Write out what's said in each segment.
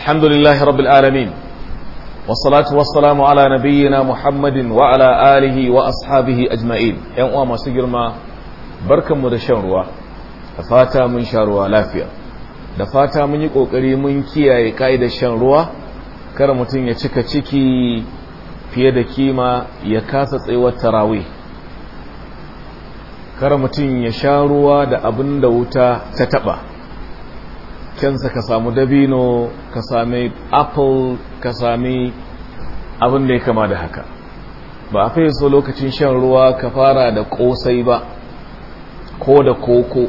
الحمد لله رب العالمين والصلاة والسلام على نبينا محمد وعلى آله وأصحابه أجمعين يوم أما سجر ما بركة مدشان روا فاتا من da fata mun yi kokari mun kiyaye kaidar shan ruwa kar mutum ya cika ciki fiye da kima ya kasa tsayuwar kar mutum ya sha ruwa da abin da wuta ta taba kensa ka samu dabino ka sami apple ka sami abin da ya kama da haka ba a fiye so lokacin shan ruwa ka fara da kosai ba ko da koko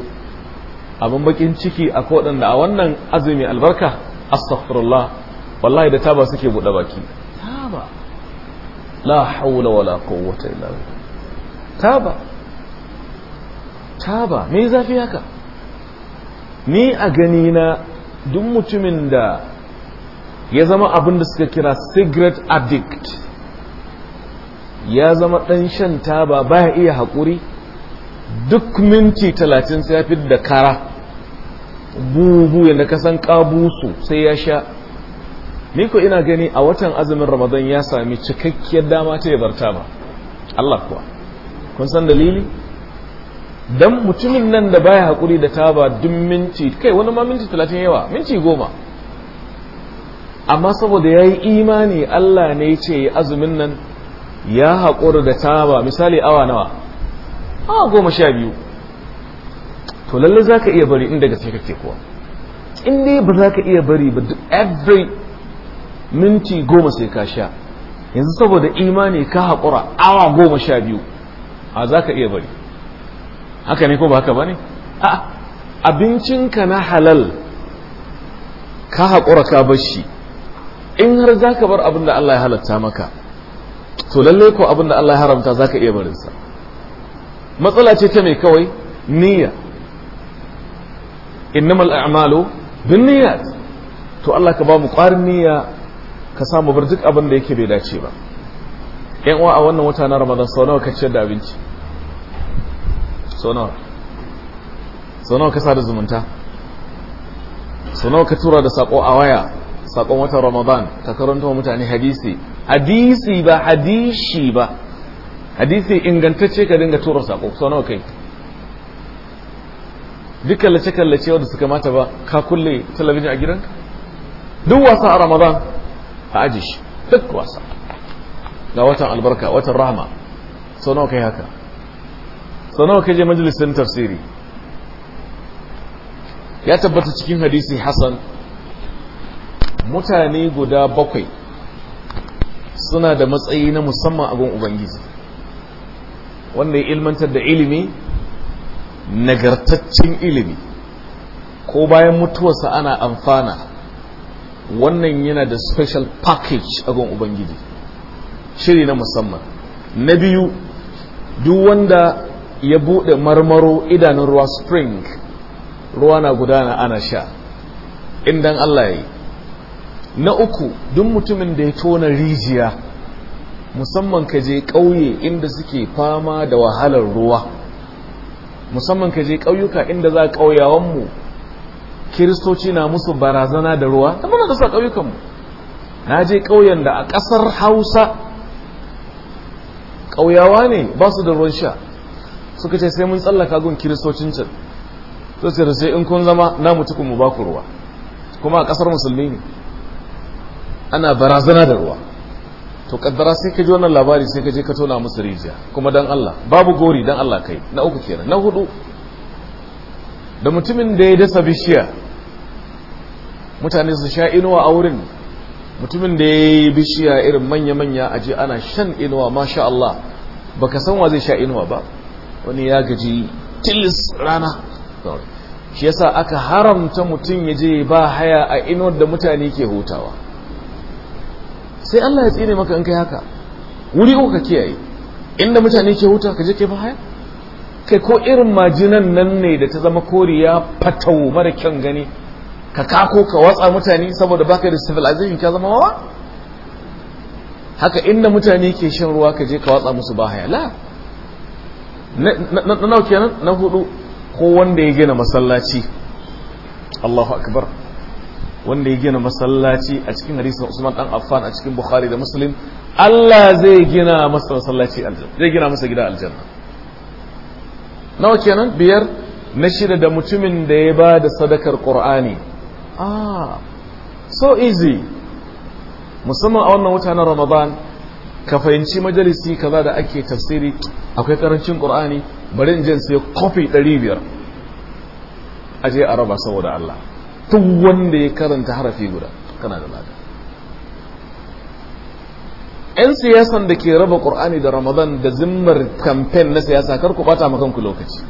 abin bakin ciki a kodin da a wannan azumi albarka astaghfirullah wallahi da taba suke buɗe baki taba la haula wala quwwata illa billah taba taba me zafi haka ni a gani na duk mutumin da ya zama abin da suka kira cigarette addict ya zama ɗan shan taba baya iya haƙuri duk minti talatin sai ya fi da kara bubu yadda ka san ƙabusu sai ya sha ni ko ina gani a watan azumin ramadan ya sami cikakkiyar dama ta ya bar taba Allah kuwa kun san dalili dan mutumin nan da baya hakuri da taba duk minti kai wani ma minti talatin yawa minti goma amma saboda ya yi imani Allah ne ya ce azumin nan ya haƙuri da taba misali awa nawa awa goma sha biyu to lallai za ka iya bari inda gaske kake kuwa in dai ba za ka iya bari ba duk every minti goma sai ka sha yanzu saboda imani ka haƙura awa goma sha biyu a za ka iya bari haka ne ko ba haka ba ne abincinka na halal ka haƙura ka bar shi in har za ka bar abin da Allah ya halatta maka to lallai ko abin da Allah ya haramta za ka iya barinsa matsala ce ta mai kawai niyya innamal a'malu bin niyyat to Allah ka ba mu ƙwarin niyya ka samu bar duk abin da yake bai dace ba yan uwa a wannan wata na Ramadan sau nawa ka ciyar da abinci so nawa so nawa ka zumunta so ka tura da sako a waya sakon watan ramadan ka karanta wa mutane hadisi hadisi ba hadishi ba hadisi ingantacce ka dinga tura sako so kai duk kallace-kallace wadda suka mata ba ka kulle talabijin a gidanka duk wasa a ramadan a aji shi duk wasa ga watan albarka watan rahama so kai haka sanawa nawa kaje majalisar tafsiri ya tabbata cikin hadisi hassan mutane guda bakwai suna da matsayi na musamman abin ubangiji wanda ya ilmantar da ilimi nagartaccen ilimi ko bayan mutuwarsa ana amfana wannan yana da special package abin ubangiji shiri na musamman na biyu duk wanda ya buɗe marmaro idanun ruwa spring ruwa na gudana ana sha indan Allah ya yi na uku duk mutumin da ya tona rijiya musamman ka je ƙauye inda suke fama da wahalar ruwa musamman ka je ƙauyuka inda za ƙauyawanmu kiristoci na musu barazana da ruwa ta muna da ƙauyukanmu na je ƙauyen da a ƙasar hausa ƙauyawa ne ba su da ruwan sha suka ce sai mun tsallaka gun kiristocin can to sai da sai in kun zama na mutukun mu baku ruwa kuma a kasar musulmi ne ana barazana da ruwa to kaddara sai ka ji wannan labari sai ka je ka tona musu rijiya kuma dan Allah babu gori dan Allah kai na uku kenan na hudu da mutumin da ya dasa bishiya mutane su sha inuwa a wurin mutumin da ya yi bishiya irin manya-manya a je ana shan inuwa masha Allah baka san wa zai sha inuwa ba wani ya gaji tilis rana shi yasa aka haramta mutum ya je ba haya a inuwar da mutane ke hutawa sai Allah ya tsine maka in kai haka wuri uka ka kiyaye inda mutane ke hutawa ka je kai ba haya kai ko irin majinan nan ne da ta zama koriya fatau mara kyan gani ka kako ka watsa mutane saboda baka da civilization ka zama wawa haka inda mutane ke shan ruwa ka je ka watsa musu ba haya la na nau kenan na hudu ko wanda ya gina masallaci Allahu akbar wanda ya gina masallaci a cikin hadisin Usman dan Affan a cikin Bukhari da Muslim Allah zai gina masa masallaci aljanna zai gina masa gida aljanna nawa kenan biyar na shida da mutumin da ya ba da sadakar Qur'ani ah so easy musamman a wannan wata na Ramadan ka fahimci majalisi kaza da ake tafsiri akwai karancin qur'ani bari in je sai kofi 500 aje a raba saboda Allah duk wanda ya karanta harafi guda kana da lada yan siyasan da ke raba qur'ani da ramadan da zimmar kamfen na siyasa kar ku bata makan ku lokaci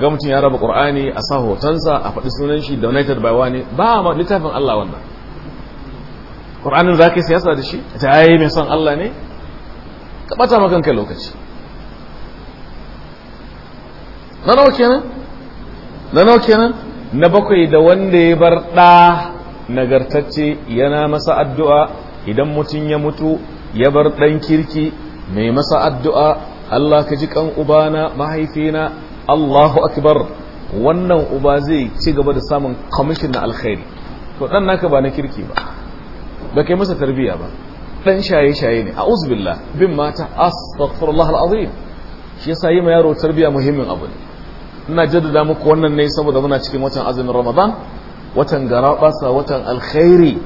ga mutum ya raba qur'ani a sa hotonsa a faɗi sunan shi donated by wani ba ma littafin Allah wannan ƙur'anin za ka yi siyasa da shi ta yayi mai son Allah ne ka ɓata maka kai lokaci na nawa kenan na nawa kenan na bakwai da wanda ya bar ɗa nagartacce yana masa addu'a idan mutum ya mutu ya bar ɗan kirki mai masa addu'a Allah ka ji kan ubana mahaifina Allahu akbar wannan uba zai ci gaba da samun kwamishin na alkhairi to ɗan naka ba na kirki ba ba kai masa tarbiyya ba dan shaye-shaye ne a uzbillah bin mata astaghfirullah al'azim shi yasa yi ma yaro tarbiyya muhimmin abu ne ina jaddada muku wannan ne saboda muna cikin watan azumin ramadan watan garabasa watan alkhairi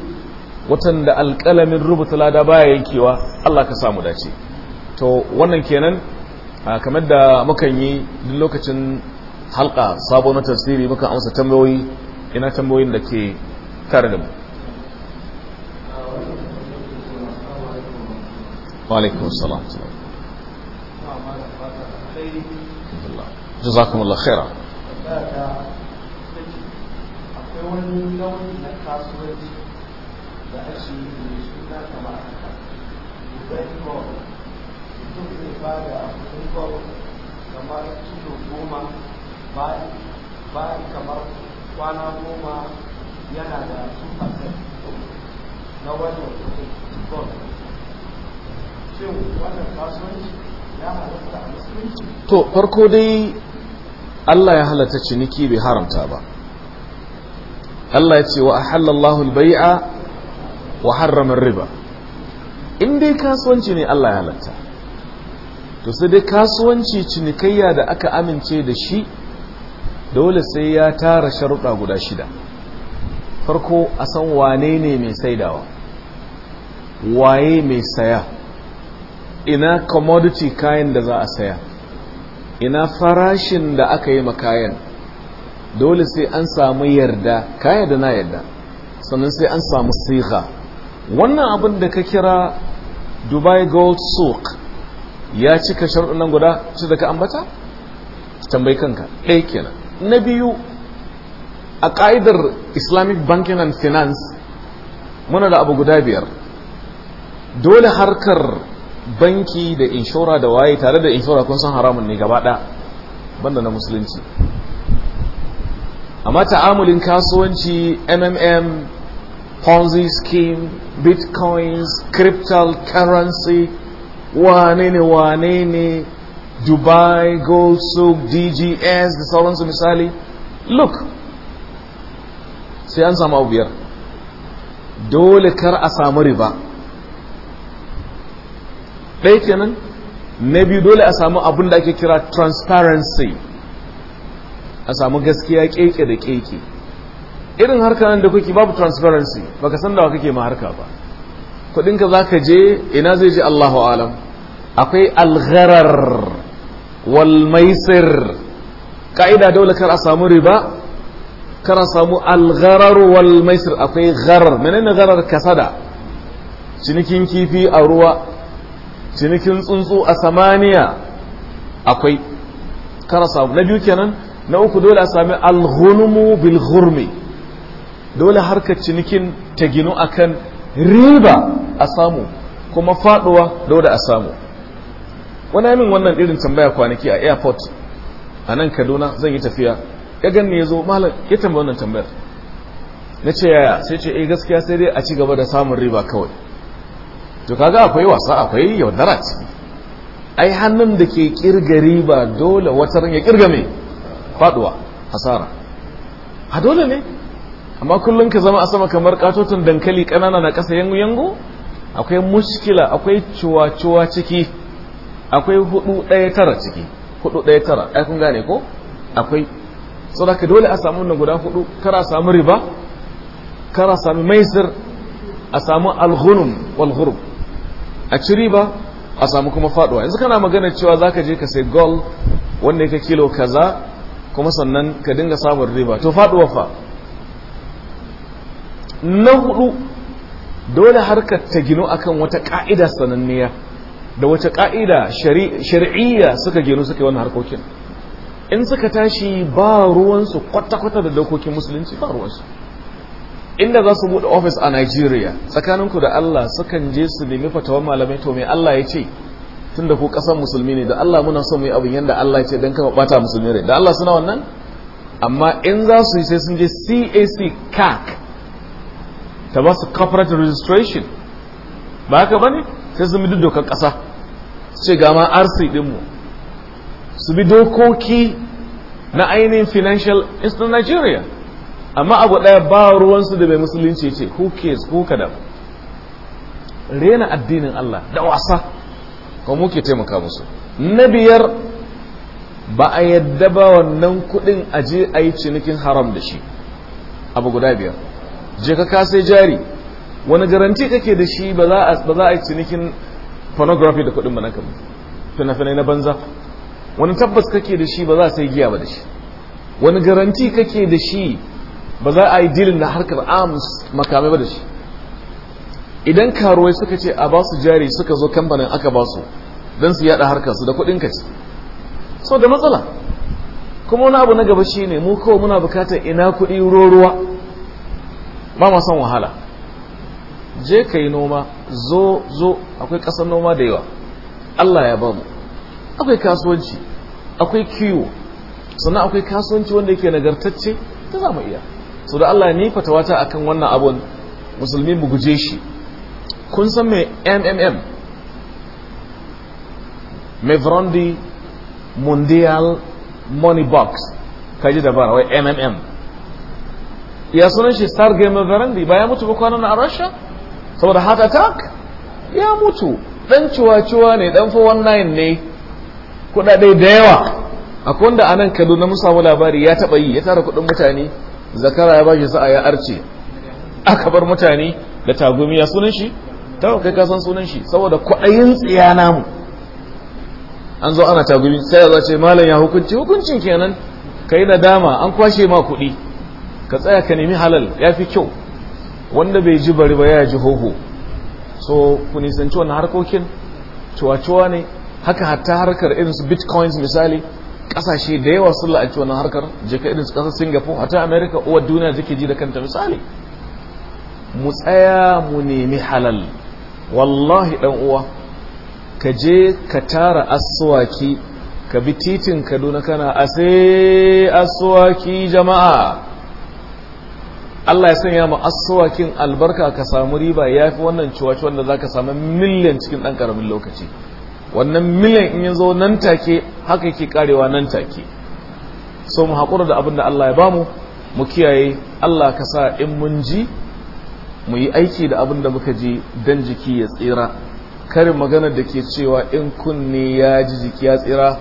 watan da alƙalamin rubuta lada baya yankewa Allah ka samu dace to wannan kenan kamar da mukan yi duk lokacin halka sabo na tafsiri muka amsa tambayoyi ina tambayoyin da ke tare da mu وعليكم السلام جزاكم الله خيرا bayan kamar kwana goma yana da 2% na wajen kudin to farko dai Allah ya halatta ciniki bai haramta ba Allah ya ce wa ahallallahu albay'a wa harrama riba in dai kasuwanci ne Allah ya halatta to sai dai kasuwanci cinikayya da aka amince da shi dole sai ya tara sharuɗa guda shida farko a san wane ne mai saidawa waye mai saya ina commodity kayan da za a saya ina farashin da aka yi makayan dole sai an samu yarda kaya da na yarda sannan sai an samu siga wannan abin da ka kira dubai gold souk ya cika nan guda ci da ka ambata tambayi kanka ɗaya kenan na biyu a ƙa'idar islamic banking and finance muna da abu guda biyar dole harkar banki da inshora da waye tare da inshora kun san haramun ne gaba banda na musulunci amma ta'amulin kasuwanci mmm ponzi scheme bitcoins cryptocurrency wane ne wane ne dubai gold soup dgs da sauransu misali look sai an samu abu biyar dole kar a samu riba ɗaya kenan na biyu dole a samu abin da ake kira transparency a samu gaskiya keke da keke irin harka nan da kuke babu transparency baka san da wa kake ma harka ba kudinka za ka je ina zai je allahu alam akwai algharar walmaisir ka'ida dole kar a samu riba kar a samu algharar walmaisir akwai gharar menene gharar kasada cinikin kifi a ruwa cinikin tsuntsu a samaniya akwai kara samu na biyu kenan na uku dole a sami alhunumu bil dole harka cinikin ta ginu kan riba a samu kuma faduwa dole a samu wani yamin wannan irin tambaya kwanaki a airport a nan kaduna zan yi tafiya ya gan ne ya zo malam ya tambaya wannan tambayar na ce yaya sai ce eh gaskiya sai dai a ci gaba da samun riba kawai to kaga akwai wasa akwai yaudara ciki ai hannun da ke kirga riba dole wata ran ya kirga mai faduwa hasara a dole ne amma kullum ka zama a sama kamar katotun dankali kanana na ƙasa yangu yangu akwai mushkila akwai cuwa-cuwa ciki akwai hudu ɗaya tara ciki hudu ɗaya tara ai kun gane ko akwai ka dole a samu wannan guda hudu kara samu riba kara samu maisir a samu alhunum walhurum a ci riba a samu kuma faduwa yanzu kana magana cewa za ka je ka sai gol wanda yake kilo kaza kuma sannan ka dinga samun riba to faduwa fa na hudu dole harkar ta gino akan wata ka'ida sananniya da wata ka'ida shari'iyya suka gino suka yi wannan harkokin in suka tashi ba ruwansu kwata-kwata da dokokin musulunci ba ruwansu inda za su buɗe ofis a Nigeria tsakaninku da Allah sukan je su nemi fatawar malamai to me Allah ya ce tun da ku ƙasar musulmi ne da Allah muna son mu yi abin yadda Allah ya ce don kama bata musulmi ne da Allah suna wannan amma in za su yi sai sun je CAC CAC ta ba su corporate registration ba haka ba ne sai sun bi duk dokar ƙasa su ce gama RC ɗinmu su bi dokoki na ainihin financial institute Nigeria amma abu ɗaya ba ruwansu da bai musulunci ce who cares who da rena addinin Allah da wasa ko muke taimaka musu na biyar ba a yadda ba wannan kuɗin je a yi cinikin haram da shi abu guda biyar je ka kasai jari wani garanti kake da shi ba za a yi cinikin pornography da kuɗin ba na fina-finai na banza wani tabbas kake da shi ba za a sai giya ba da shi wani garanti kake da shi ba za a yi dilin na harkar arms makamai ba da shi idan karuwai suka ce a ba su jari suka zo kambanin aka ba su don su yada harkar su da kudin ka so da matsala kuma wani abu na gaba shi ne mu kawai muna bukatar ina kudi ruwa ba ma son wahala je ka yi noma zo zo akwai kasar noma da yawa allah ya ba mu akwai kasuwanci akwai kiwo sannan akwai kasuwanci wanda yake nagartacce ta za mu iya so da Allah ni fatawata akan wannan abun musulmi mu guje shi kun san me mmm mevrondi mundial money box kaji dabara wai mmm ya sunan shi stargate mevrondi ba ya mutu ba kwanan a russia saboda heart attack ya mutu dan ciwa-ciwa ne dan 419 ne kudade da yawa akwai wanda anan kaduna musa labari ya taba yi ya tara kudin mutane zakara ya bashi sa'a ya arce aka bar mutane da tagumiya sunan shi tawa kai kasan sunan shi saboda kwaɗayin tsiya namu an zo ana tagumi sai ya zace malam ya hukunci hukuncin kenan kai nadama an kwashe ma kuɗi ka tsaya ka nemi halal ya fi kyau wanda bai ji bari ba ya ji hoho so ku nisanci wannan harkokin cuwa-cuwa ne haka hatta harkar irin su bitcoins misali kasashe da yawa sun la'anci wannan harkar jika irin kasar singapore hata america uwar duniya jike ji da kanta misali mu tsaya mu nemi halal wallahi dan uwa ka je ka tara asuwaki, ka bi titin kaduna kana a sai jama'a Allah ya sanya ma asuwakin albarka ka samu riba ya fi wannan ciwaci wanda za ka samu miliyan cikin ɗan karamin lokaci wannan miliyan in ya zo nan take haka yake karewa nan take so mu haƙura da abin da Allah ya bamu mu kiyaye Allah ka sa in mun ji mu yi aiki da abin da muka ji dan jiki ya tsira karin maganar da ke cewa in kunne ya ji jiki ya tsira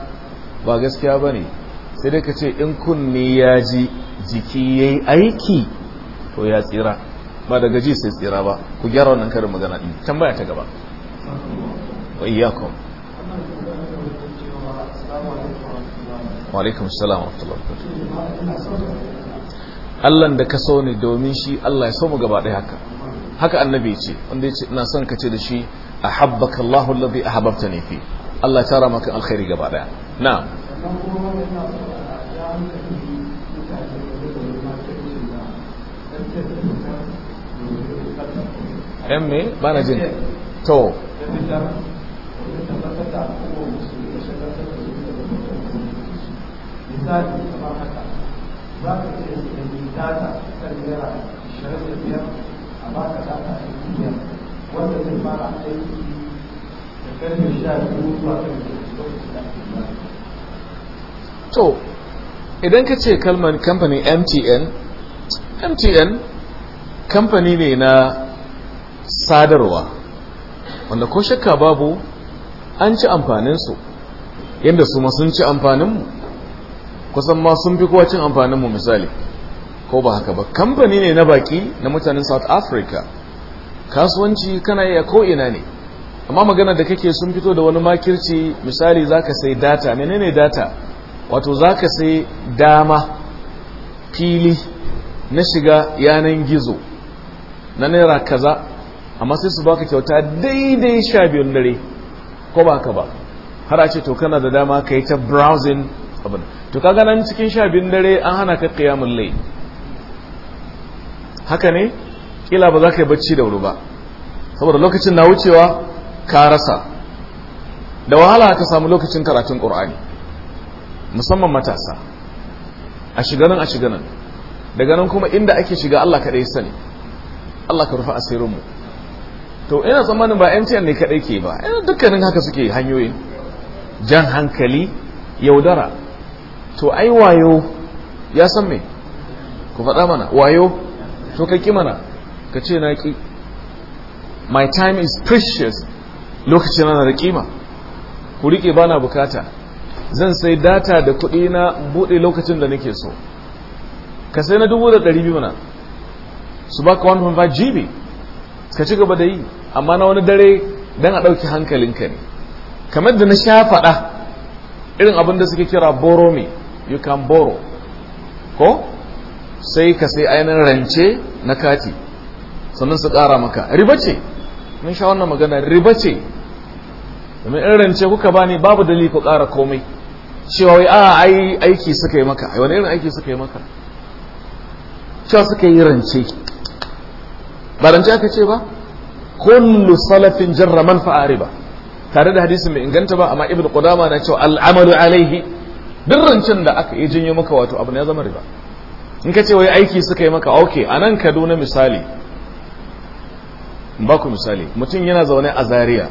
ba gaskiya ba ne sai dai ka ce in kunne ya ji jiki ya yi aiki to ya tsira ba da gaji sai tsira ba ku gyara wannan karin magana ɗin tambaya ta gaba wa alaikum salam wa Allah da ka so ne domin shi Allah ya so mu gaba ɗaya haka haka annabi ce wanda ina son ka ce da shi ahabbaka Allahu alladhi ne fi Allah ya tara maka alkhairi gaba ɗaya na. yan me bana jin to misali kamar haka za ka iya sayan data kan naira ashirin da biyar a baka data a biyar wanda zai fara aiki da karfe sha biyu zuwa karfe to idan ka ce kalmar kamfanin mtn mtn kamfani ne na sadarwa wanda ko shakka babu an ci amfaninsu yadda su sun ci amfaninmu kusan ma sun fi kowa cin amfanin mu misali ko ba haka ba kamfani ne na baki na mutanen south africa kasuwanci kana iya ko ina ne amma magana da kake sun fito da wani makirci misali zaka sai data menene data wato zaka sai dama fili na shiga yanan gizo na naira kaza amma sai su baka kyauta daidai sha biyun dare ko ba haka ba har a ce to kana da dama ka yi ta browsing to kaga nan cikin sha biyun dare an hana ka qiyamul layl haka ne kila ba za ka yi bacci da wuri ba saboda lokacin na wucewa ka rasa da wahala ka samu lokacin karatun qur'ani musamman matasa a shiganan a shiganan daga nan kuma inda ake shiga Allah kaɗai sani Allah ka rufe mu to ina tsammanin ba MTN ne kaɗai ke ba eh, dukkanin haka suke hanyoyin jan hankali yaudara to ai wayo ya san me ku faɗa mana wayo to ka ƙi mana ka ce na ƙi my time is precious lokaci na da ƙima ku riƙe ba na bukata zan sai data da kuɗi na buɗe lokacin da nake so ka sai na dubu da ɗari biyu na su ba ka wani gb ka ci gaba da yi amma na wani dare don a ɗauki hankalinka ne kamar da na sha faɗa irin abin da suke kira boromi. you can borrow ko sai ka sai ainihin rance na kati sannan su ƙara maka riba ce mun sha wannan magana riba ce domin in rance kuka bani babu dalili ku ƙara komai cewa wai a ai aiki suka yi maka ai wani irin aiki suka yi maka cewa suka yi rance ba rance aka ce ba kullu salafin jarra manfa'a riba tare da hadisi mai inganta ba amma ibnu qudama na cewa al'amalu alaihi duk rancen da aka yi janyo maka wato abu ne ya zama riba in ka ce wai aiki suka yi maka ok a nan kaduna misali ba ku misali mutum yana zaune a zaria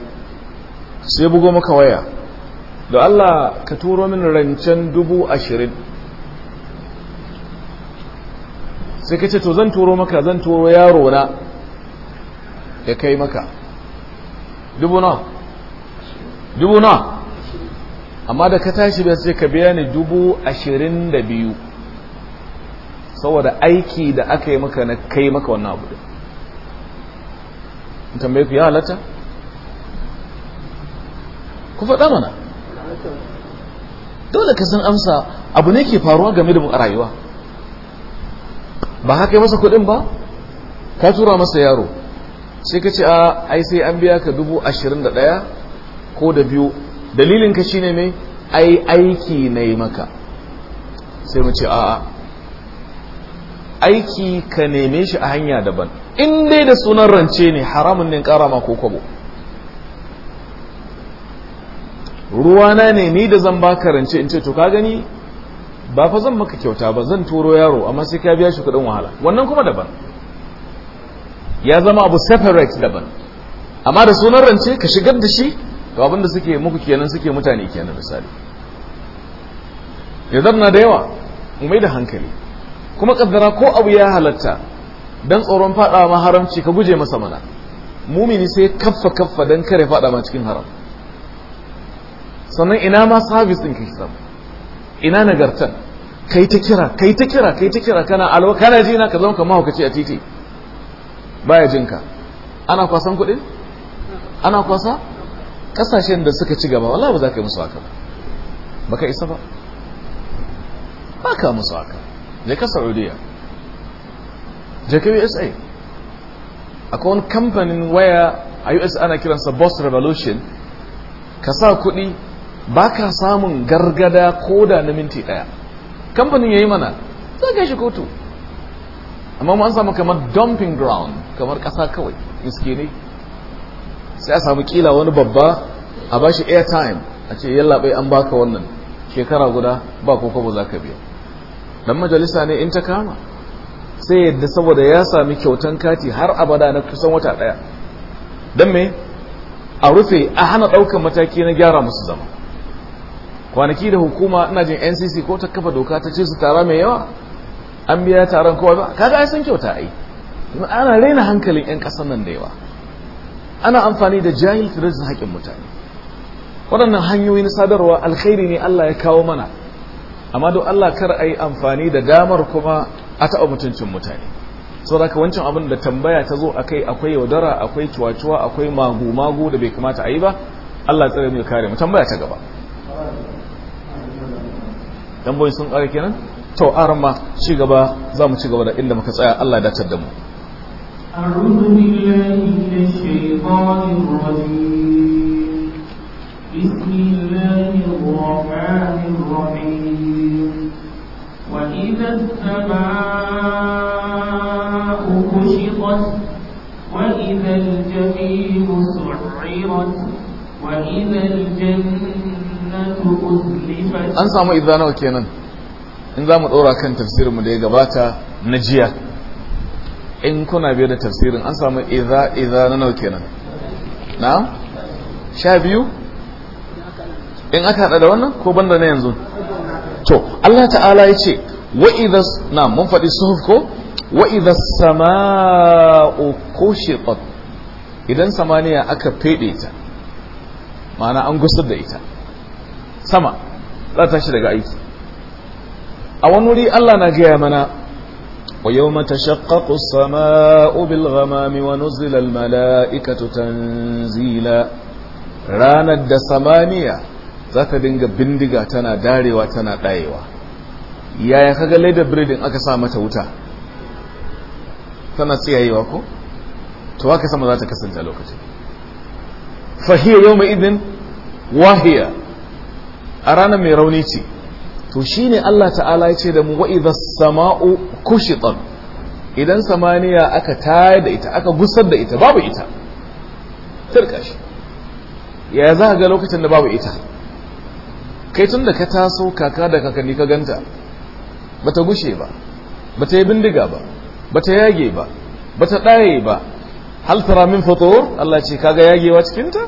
sai bugo maka waya da allah ka turo min rancen dubu ashirin sai ka ce to zan turo maka zan turo yaro na ya kai maka dubu na dubu na amma da ka tashi bai sai ka biya ni dubu ashirin da biyu saboda aiki da aka yi maka na kai maka wannan abu da tambaye ku ya halatta ku faɗa mana dole ka san amsa abu ne ke faruwa game da mu a rayuwa ba haka yi masa kuɗin ba ka tura masa yaro sai ka ce a ai sai an biya ka dubu ashirin da ɗaya ko da biyu dalilin ka shine me ai aiki na yi maka sai mu ce a'a aiki ka neme shi a hanya daban in dai da sunan rance ne haramun ne kara ma ko kwabo ruwana ne ni da zan baka rance in ce to ka gani ba fa zan maka kyauta ba zan turo yaro amma sai ka biya shi kudin wahala wannan kuma daban ya zama abu separate daban amma da sunan rance ka shigar da shi to abinda suke muku kenan suke mutane kenan misali ya na da yawa mai da hankali kuma kaddara ko abu ya halatta dan tsoron fada ma haramci ka guje masa mana mumini sai kaffa kaffa dan kare fada ma cikin haram sannan ina ma sabis din kai samu ina nagartan kai ta kira kai ta kira kai ta kira kana alwa kana ji na ka zama kamar hukaci a titi baya jinka ana kwasan kuɗin ana kwasa kasashen da suka ci gaba wallahi ba za ka yi musu haka ba baka isa ba ba ka musu haka ne ka saudiya je usa akwai wani kamfanin waya a usa ana kiransa boss revolution ka sa kuɗi ba ka samun gargada ko da na minti ɗaya kamfanin ya yi mana za ka shi kotu amma an samu kamar dumping ground kamar ƙasa kawai iske ne sai a samu kila wani babba a bashi airtime a ce yalla bai an baka wannan shekara guda ba ko kwabo za ka biya dan majalisa ne in ta kama sai yadda saboda ya sami kyautan kati har abada na kusan wata daya dan me a rufe a hana daukan mataki na gyara musu zama kwanaki da hukuma ina jin ncc ko ta kafa doka ta ce su tara mai yawa an biya taron kowa ba kaga ai sun kyauta ai ana rena hankalin 'yan ƙasar nan da yawa ana amfani da jahil da rashin haƙƙin mutane waɗannan hanyoyi na sadarwa alkhairi ne Allah ya kawo mana amma don Allah kar a yi amfani da damar kuma a taɓa mutuncin mutane sau da wancan abin da tambaya ta zo akai akwai yaudara akwai cuwacuwa akwai magu-magu da bai kamata a yi ba Allah tsare mu kare mu tambaya ta gaba dan sun kare kenan to arma ci gaba za mu ci gaba da inda muka tsaya Allah ya datar da mu أعوذ بالله من الشيطان الرجيم بسم الله الرحمن الرحيم وإذا السماء كشطت وإذا الجحيم سعرت وإذا الجنة أزلفت أنسى ما إذا نوكينا إن ذا مدورة كان تفسير من ديغباتا نجيا in kuna biyo da tafsirin an samu iza iza na nau kenan na sha biyu in aka hada da wannan ko banda na yanzu to Allah ta'ala ya ce wa na mun faɗi suhuf ko wa idha sama'u kushitat idan samaniya aka fede ta ma'ana an gusar da ita sama za ta shi daga aiki a wani wuri Allah na gaya mana ويوم تشقق السماء بالغمام ونزل الملائكة تنزيلا ranar da samaniya zata ta dinga bindiga tana darewa tana ɗayewa yaya kaga ledar biredin aka sa mata wuta tana tsiyayewa ko to haka sama za ta kasance lokacin fahiyar yau mai idin wahiya a ranar mai rauni ce to ne Allah ta'ala ya ce da mu wa idha sama'u idan samaniya aka tayar da ita aka gusar da ita babu ita ya za ga lokacin da babu ita kai tun da ka taso kaka da kakanni ka ganta ta gushe ba ta yi bindiga ba ta yage ba ta ɗaye ba hal tara min fitur Allah ce kaga yagewa cikinta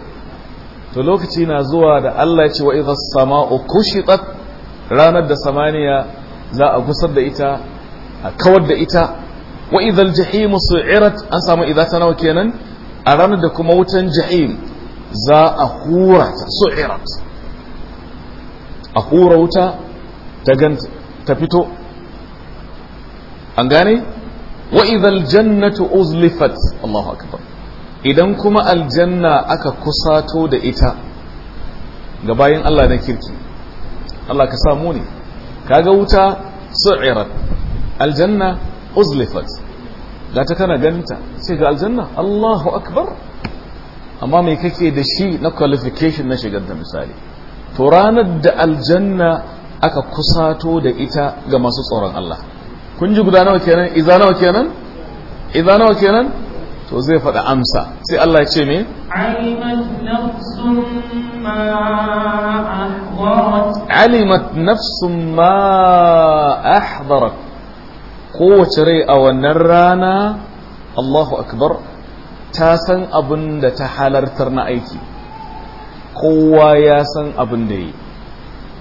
to lokaci na zuwa da Allah ce waizar idha sama'u ranar da samaniya za a gusar da ita a kawar da ita wa idhal jahim su'irat an samu idza ta nawa kenan a ranar da kuma wutan jahim za a hura ta su'irat a hura wuta ta ganta ta fito an gane wa idhal jannatu uzlifat Allahu akbar idan kuma aljanna aka kusato da ita ga bayan Allah na kirki Allah ka samu ne ga wuta su'irat aljanna uzlifat ga ta kana ganta sai ga aljanna Allahu akbar amma mai kake da shi na qualification na shigar da misali to ranar da aljanna aka kusato da ita ga masu tsoron Allah kun ji guda nawa kenan idza nawa kenan idza nawa kenan to zai faɗa amsa sai Allah ya ce me alimat nafsun ma ahwarat alimat nafsun ma ahdarat kowace rai a wannan rana Allahu akbar ta san abin da ta halartar na aiki kowa ya san abin da yi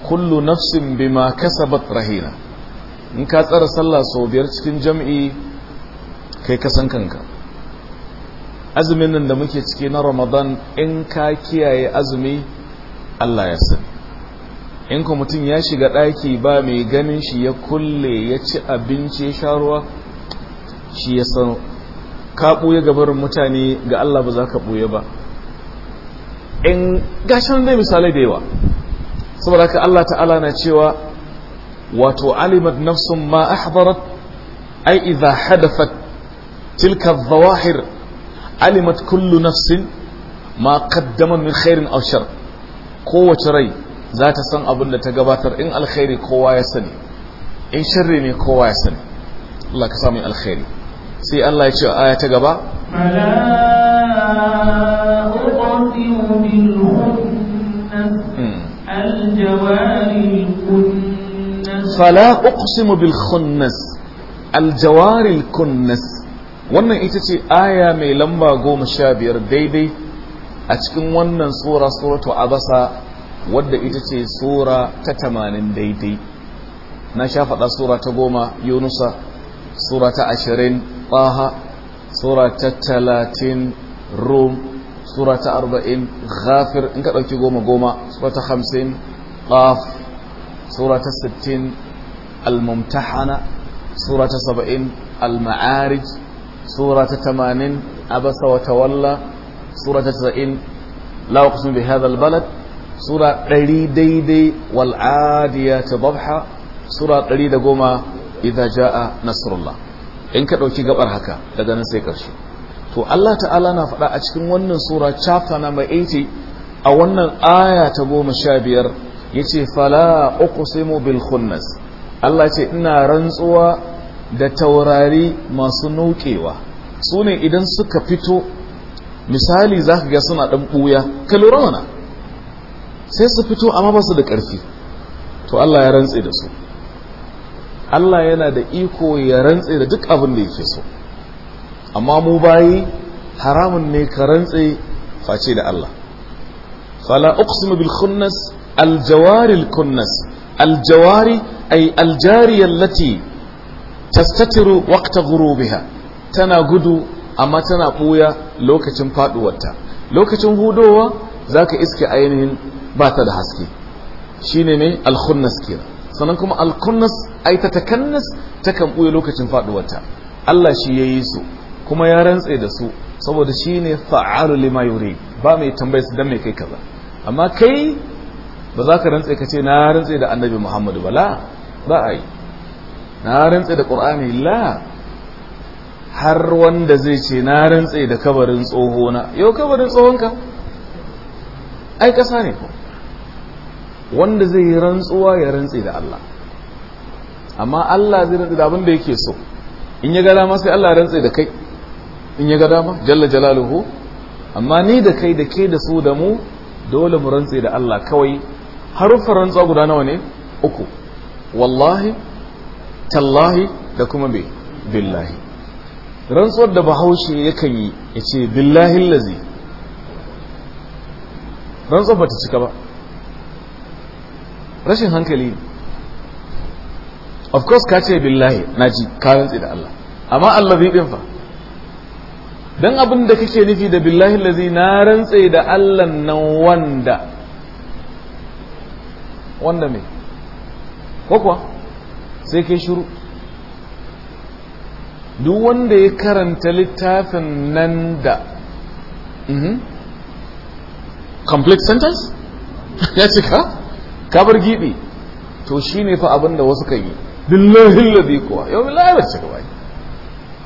kullu nafsin bima kasabat rahina in ka tsara sallah sau biyar cikin jam'i kai kasan kanka azumin nan da muke ciki na ramadan in ka kiyaye azumi Allah ya sani in ku mutum ya shiga ɗaki ba mai ganin shi ya kulle ya ci abinci ya sha ruwa shi ya san ka ɓuya gabar mutane ga Allah ba za ka ɓuye ba in gashin zai misalai da yawa saboda ka Allah ta'ala na cewa wato alimat nafsun ma ahbarat ai idha hadafat tilka zawahir alimat kullu nafsin ma kaddamar min khairin aw kowace rai za ta san abin da ta gabatar in alkhairi kowa ya sani in sharri ne kowa ya sani Allah ka samu alkhairi sai Allah ya ce aya ta gaba fala uqsimu bil khunnas al jawari al kunnas wannan ita ce aya mai lamba goma sha biyar daidai a cikin wannan tsora suratu abasa wadda ita ce sura ta 80 daidai na sha faɗa tsora ta 10 yunusa sura ta 20 ɓaha sura ta 30 rum sura ta 40 ghafir in ka dauki 10 10 sura ta 50 qaf sura ta 60 al-mumtahana sura ta 70 al-ma'arij sura ta 80 abasa wa tawalla sura ta 90 la uqsimu bi hadha al-balad sura ɗari daidai wal ta babha sura ɗari da goma idza jaa nasrullah in ka ɗauki gabar haka daga nan sai ƙarshe to Allah ta'ala na faɗa a cikin wannan sura chapter mai 80 a wannan aya ta goma sha biyar ya ce fala uku uqsimu bil khunnas Allah ce ina rantsuwa da taurari masu nukewa su ne idan suka fito misali za ka ga suna ɗan ɓuya ka lura mana sai su fito amma ba su da ƙarfi to Allah ya rantse da su Allah yana da iko ya rantse da duk abin da yake so amma mu bayi haramun ne ka rantse face da Allah fala uqsimu bil khunnas al jawari al kunnas al jawari ay al jariya allati tastatiru waqta ghurubiha tana gudu amma tana ɓuya lokacin faduwarta lokacin hudowa Zaka iske ainihin ba ta da haske shi ne mai alkhunnas kira sannan kuma alkunnas ai ta takannas ta kan ɓuya lokacin faɗuwarta Allah shi ya yi su kuma ya rantse da su saboda shine ne fa'alu lima yuri ba mai tambayi su dan mai kai kaza amma kai ba za ka rantse ka ce na rantse da annabi muhammadu ba la ba a yi na rantse da ƙur'ani la har wanda zai ce na rantse da kabarin tsohona yau kabarin tsohonka ai ƙasa ne ko wanda zai yi rantsuwa ya rantsi da Allah amma Allah zai rantsi da abin da yake so in ya ga dama sai Allah rantsi da kai in ya ga dama jalla jalaluhu amma ni da kai da ke da su da mu dole mu rantsi da Allah kawai haruffan rantsuwa guda nawa ne uku wallahi tallahi da kuma me billahi rantsuwar da bahaushe yakan yi ya ce billahi lazi rantsuwar ba cika ba rashin hankali ne of course ka ce billahi na ji ka rantsi da Allah amma Allah zai ɗin fa don abin da kake nufi da billahi lazi na rantse da Allah nan wanda wanda me, ko kuwa sai kai shiru duk wanda ya karanta littafin nan da mhm. complete sentence ya cika ka bar gibi to shi ne fa abinda wasu kan yi billahi alladhi kuwa yau billahi ba ce ba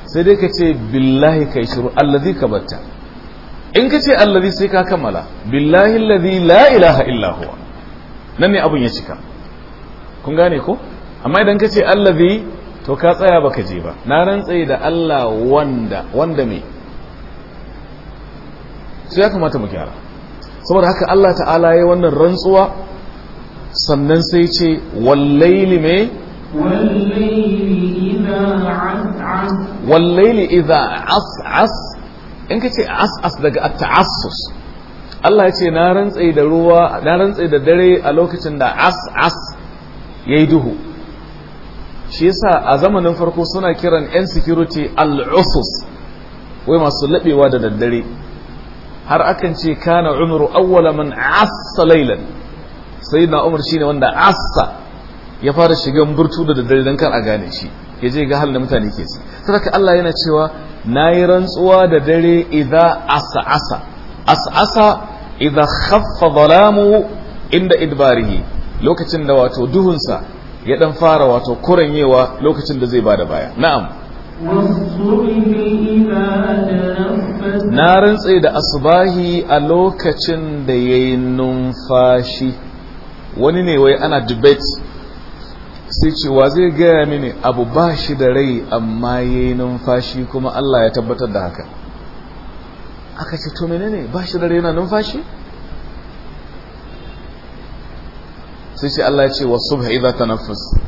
sai dai ka ce billahi kai shiru alladhi ka batta in ka ce alladhi sai ka kammala billahi alladhi la ilaha illa huwa nan ne abin ya cika kun gane ko amma idan ka ce allazi to ka tsaya baka je ba na rantse da Allah wanda wanda me sai ya kamata mu gyara saboda haka Allah ta'ala ya wannan rantsuwa sannan sai ce wallaili me wallaili idha as'as in ka ce as'as daga at-ta'assus Allah ya ce na rantsai da ruwa na rantsai da dare a lokacin da as'as yayi duhu shi yasa a zamanin farko suna kiran 'yan security al-usus wai masu labewa da daddare har akan ce kana umru awwala man assa laylan sayyidina umar shine wanda assa ya fara shigan burtu da daddare dan kar a gane shi ya je ga halin da mutane ke ci saboda Allah yana cewa nayi rantsuwa da dare idza asa asa asa asa idza khaffa dhalamu inda idbarihi lokacin da wato duhunsa ya dan fara wato kuranyewa lokacin da zai bada baya na'am wasu na rantse da asbahi a lokacin da ya yi numfashi wani ne wai ana debate sai cewa zai gaya mini abu ba shi da rai amma ya yi numfashi kuma Allah ya tabbatar da haka aka ce to menene ba shi da rai yana numfashi sai ce Allah ya ce wa subha idza tanaffas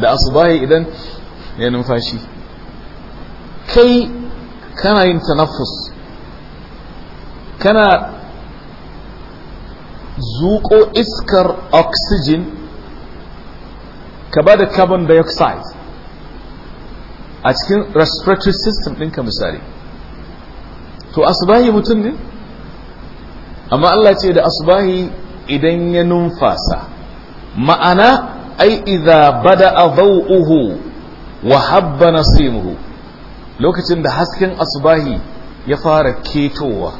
da asubahi idan ya numfashi kai kana yin tanaffus kana zuƙo iskar oxygen ka ba da carbon dioxide a cikin respiratory system ɗinka misali to asbahi mutum ne amma Allah ce da asbahi idan ya numfasa ma'ana ai idza bada uhu wa habba nasimuhu lokacin da hasken asubahi ya fara ketowa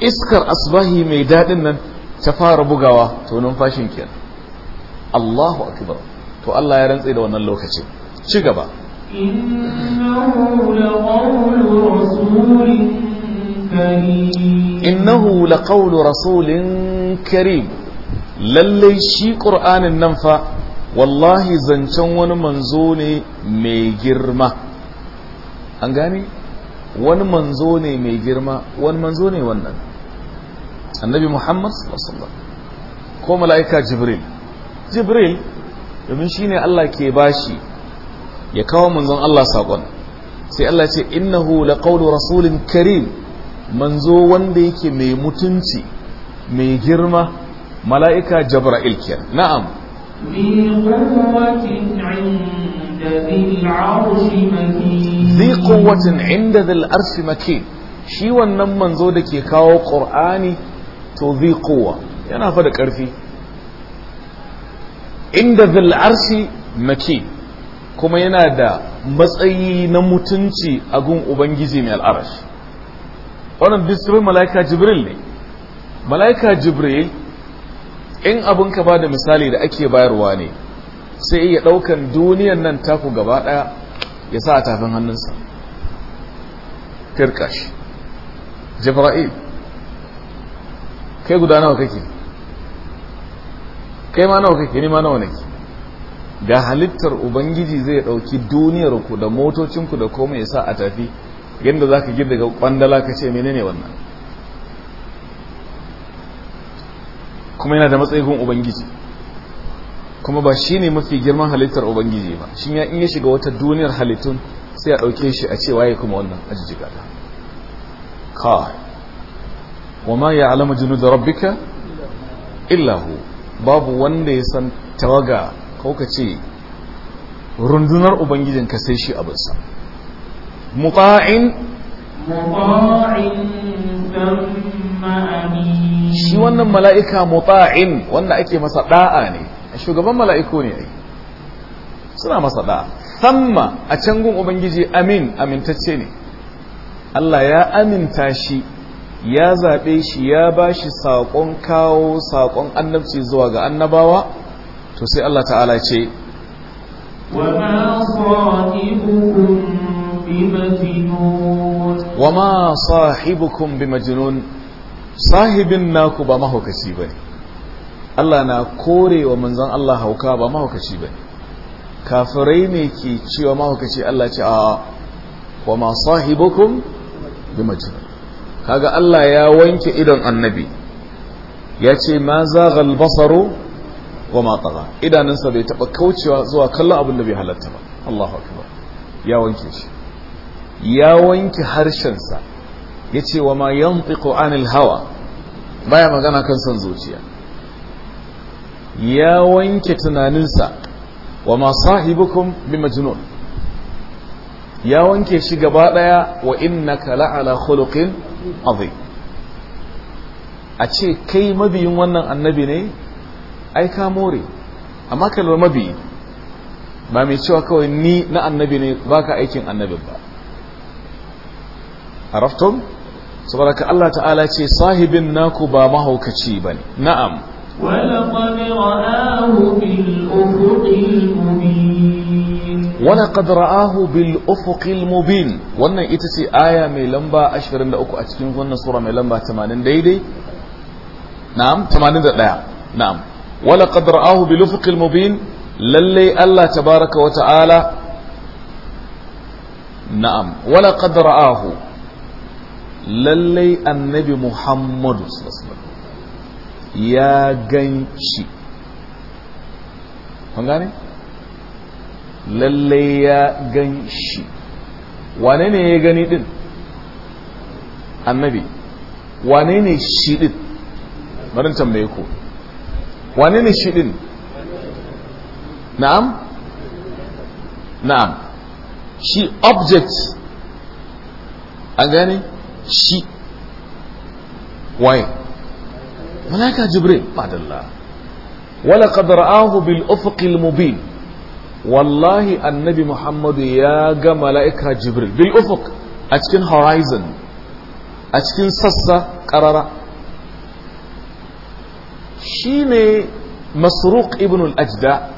iskar asubahi mai daɗin nan ta fara bugawa to numfashin kenan Allahu akbar to Allah ya rantse da wannan lokacin ci gaba innahu laqawlu rasulin karim lallai shi qur'anin nan fa wallahi zancen wani manzo ne mai girma an gane wani manzo ne mai girma wani manzo ne wannan annabi muhammad sallallahu ko mala'ika jibril jibril domin shine Allah ke bashi ya kawo manzon Allah saƙon sai Allah ce innahu laqawlu rasulin karim manzo wanda yake mai mutunci mai girma mala'ika jibril kenan na'am min qawwatin 'inda bil 'arshi makin ذي قوة عند ذي الأرش مكين shi wannan manzo da ke kawo ƙur'ani to zai kowa yana fa da ƙarfi inda zil'arshi maki kuma yana da matsayi na mutunci a gun ubangiji mai al'arash wannan disirin mala'ika jibril ne mala'ika jibril in abin ka ba da misali da ake bayarwa ne sai iya ɗaukan duniyan nan taku gaba ɗaya ya sa a tafin hannunsa kirka shi jibra'il kai guda nawa kake kai ma nawa kake ne ma nawa nake ga halittar ubangiji zai dauki duniyarku da motocinku da komai ya sa a tafi yadda za ka daga kwandala ka ce menene wannan kuma yana da matsayin ubangiji kuma ba shi ne mafi girman halittar ubangiji ba shi ya iya shiga wata duniyar halittun sai a ɗauke shi a cewa ya kuma wannan a ta ka wa ma ya alama jinu da rabbika illahu babu wanda ya san tawaga ko ka ce rundunar ka sai shi abinsa muqa'in shi wannan mala'ika muqa'in wanda ake masa ɗa'a ne shugaban mala'iku ne ai suna masa da samma a can gun ubangiji amin amintacce ne Allah ya aminta shi ya zaɓe shi ya ba shi saƙon kawo saƙon annabci zuwa ga annabawa to sai Allah ta'ala ce wa ma sahibukum bi majnun sahibin naku ba mahaukaci bane Allah na kore wa manzon Allah hauka ba mahaukaci ba kafirai ne ke cewa mahaukaci Allah ce a wa ma sahibukum bi majnun kaga Allah ya wanke idon annabi ya ce ma zaghal basaru wa ma tagha idanunsa bai taba kaucewa zuwa kallon abin da bai halatta ba Allahu akbar ya wanke shi ya wanke harshensa ya ce wa ma yantiqu anil hawa baya magana kan son zuciya ya wanke tunaninsa wa ma sahibukum bi majnun ya wanke shi gaba daya wa innaka la'ala khuluqin azim a ce kai mabiyin wannan annabi ne ai ka more amma lura mabiyi ba mai cewa kawai ni na annabi ne baka aikin annabin ba araftum saboda ka Allah ta'ala ce sahibin naku ba mahaukaci bane na'am wani ƙadra'ahu bil ufuqil mubin wannan ita ce aya mai lamba 23 a cikin wannan sura mai lamba 80 daidai na'am 81 na'am wala qadra'ahu bil ufuqil mubin lalle Allah tabaraka wa ta'ala na'am wala qadra'ahu lalle annabi Muhammadu. ya gan shi kun gane lalle ya gan shi wane ne ya gani din annabi wane ne shi din barin tambaye ku wane ne shi din na'am na'am shi object an gane shi waye malaika jibril madalla wala ra'ahu bil ufuqil mubin wallahi annabi muhammadu ya ga malaika jibril bil ufuq a cikin horizon a cikin sassa karara shine masruq ibn al-ajda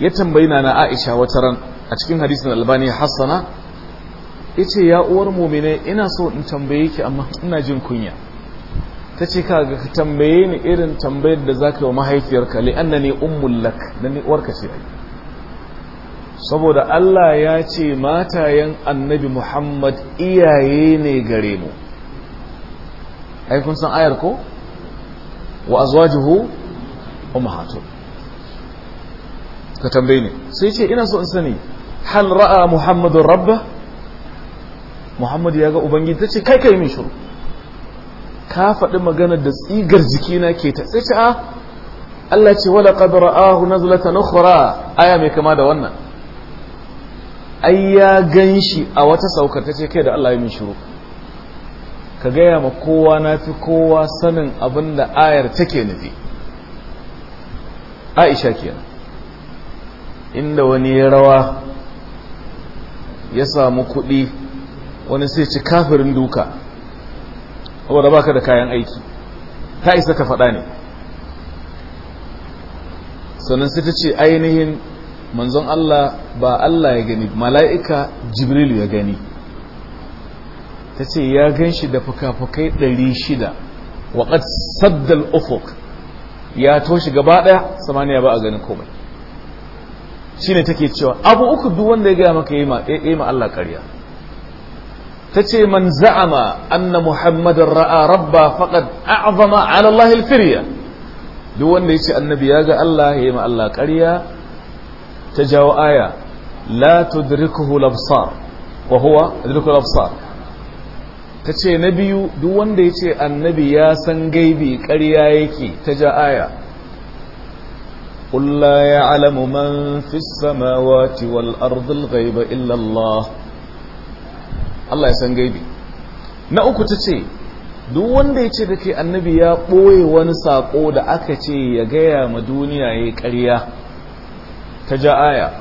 ya tambayi na aisha wata ran a cikin hadisin albani hassana yace ya uwar mu'mine ina so in tambaye ki amma ina jin kunya ta ce ka ga tambaye ni irin tambayar da za ka yi wa mahaifiyarka li'anna ne ummul na ni uwarka ce saboda Allah ya ce matayen annabi Muhammad iyaye ne gare mu ai kun san ayar ko wa azwajuhu ummahatu ka tambaye ni sai ce ina so in sani hal ra'a muhammadur rabba Muhammad ya ga ubangiji tace kai kai min shuru. ka faɗi maganar da tsigar jikina ke ta a? Allah ce wala qad na nazlatan ukhra aya mai kama da wannan ai ya ganshi a wata saukar ce kai da Allah ya min shiru ka gaya ma kowa na fi kowa sanin abin da ayar take nufi aisha kenan inda wani ya rawa ya samu kuɗi wani sai ci kafirin duka saboda baka da kayan aiki ta isa ka faɗa ne sannan sai ta ce ainihin manzon Allah ba Allah ya gani mala'ika jibrilu ya gani ta ce ya gan shi da fuka-fukai 600 waƙat saddal ufuk ya toshi gaba ɗaya samaniya ba a ganin komai shi ne take cewa abu uku duk wanda ya gaya maka ya yi ma Allah ƙarya tace man za'ama anna muhammadar ra'a rabba faqad a'zama 'ala Allah al-firya duk wanda yace annabi ya ga Allah yayi ma Allah ƙarya ta aya la tudrikuhu al-absar tace na biyu duk wanda yace annabi ya san gaibi ƙarya yake ta ja aya قل لا يعلم من في السماوات والأرض الغيب إلا الله Allah ya san gaibi na uku ta ce duk wanda ya ce da ke annabi ya ɓoye wani saƙo da aka ce ya gaya ma duniya ya yi ƙarya ta ja aya